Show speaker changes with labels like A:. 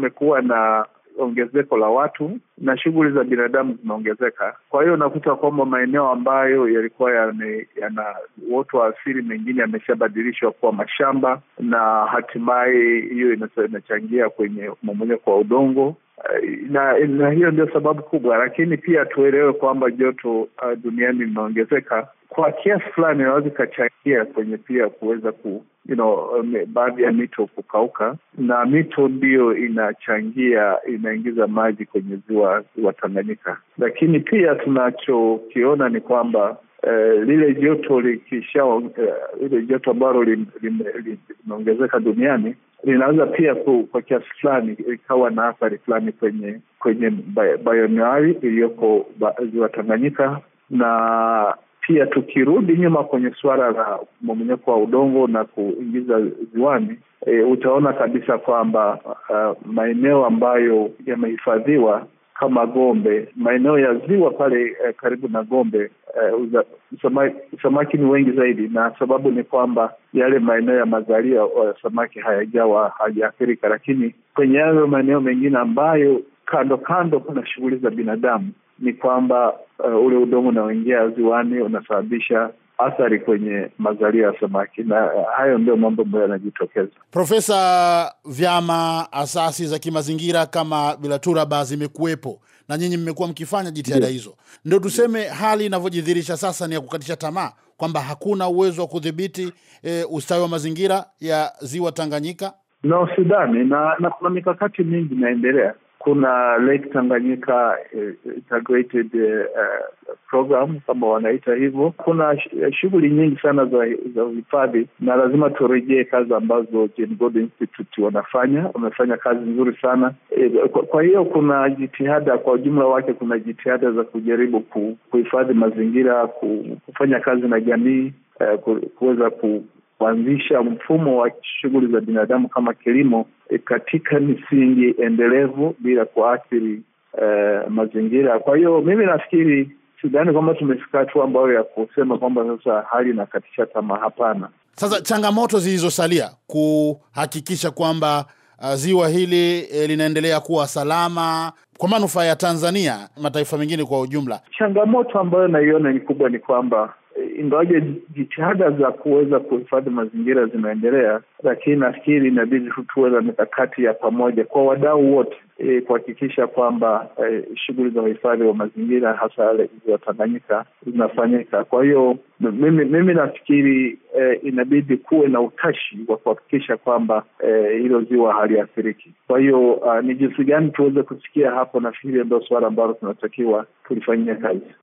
A: kumekuwa na ongezeko la watu na shughuli za binadamu zimeongezeka. Kwa hiyo unakuta kwamba maeneo ambayo yalikuwa yana uoto wa asili mengine yameshabadilishwa kuwa mashamba, na hatimaye hiyo inachangia kwenye mmomonyoko wa udongo eh, na, na hiyo ndio sababu kubwa, lakini pia tuelewe kwamba joto uh, duniani limeongezeka kwa kiasi fulani inaweza ikachangia kwenye pia kuweza ku you know, um, baadhi ya mito kukauka, na mito ndiyo inachangia inaingiza maji kwenye ziwa ziwa Tanganyika, lakini pia tunachokiona ni kwamba Uh, lile joto likisha uh, lile joto ambalo limeongezeka lim, lim, duniani
B: linaweza pia ku,
A: kwa kiasi fulani ikawa na athari fulani kwenye kwenye bayonari iliyoko ba, ziwa Tanganyika na pia tukirudi nyuma kwenye suala la mmomonyoko wa udongo na kuingiza ziwani, e, utaona kabisa kwamba uh, maeneo ambayo yamehifadhiwa kama Gombe, maeneo ya ziwa pale uh, karibu na Gombe e, uh, samaki, samaki ni wengi zaidi, na sababu ni kwamba yale maeneo ya mazalia uh, samaki hayajawa hajaathirika, lakini kwenye hayo maeneo mengine ambayo kando kando kuna shughuli za binadamu ni kwamba uh, ule udongo unaoingia ziwani unasababisha athari kwenye mazalia ya samaki, na uh, hayo ndio mambo ambayo yanajitokeza.
B: Profesa, vyama asasi za kimazingira kama Bilaturaba zimekuwepo na nyinyi mmekuwa mkifanya jitihada hizo, ndio tuseme hali inavyojidhirisha sasa ni ya kukatisha tamaa kwamba hakuna uwezo wa kudhibiti e, ustawi wa mazingira ya ziwa Tanganyika?
A: No, sidhani na, na kuna mikakati mingi inaendelea kuna Lake Tanganyika eh, Integrated uh, Program kama wanaita hivyo. Kuna shughuli nyingi sana za za uhifadhi, na lazima turejee kazi ambazo Jane Goodall Institute wanafanya. Wamefanya kazi nzuri sana e, kwa, kwa hiyo kuna jitihada kwa ujumla wake, kuna jitihada za kujaribu ku, kuhifadhi mazingira kufanya kazi na jamii uh, kuweza ku, kuanzisha mfumo wa shughuli za binadamu kama kilimo e, katika misingi endelevu bila kuathiri e, mazingira. Kwa hiyo mimi nafikiri sidhani kwamba tumefika hatua ambayo ya kusema kwamba sasa hali inakatisha tamaa. Hapana.
B: Sasa changamoto zilizosalia kuhakikisha kwamba uh, ziwa hili e, linaendelea kuwa salama kwa manufaa ya Tanzania, mataifa mengine kwa ujumla,
A: changamoto ambayo naiona ni kubwa ni kwamba ingawaje jitihada za kuweza kuhifadhi mazingira zinaendelea, lakini nafikiri inabidi tuwe na mikakati ya pamoja kwa wadau wote e, kuhakikisha kwamba e, shughuli za uhifadhi wa mazingira hasa yale iliyotanganyika Tanganyika zinafanyika. Kwa hiyo mimi, mimi nafikiri e, inabidi kuwe na utashi wa kuhakikisha kwamba e, hilo ziwa haliathiriki. Kwa hiyo ni jinsi gani tuweze kusikia hapo, nafikiri ndio suala ambalo tunatakiwa tulifanyia kazi.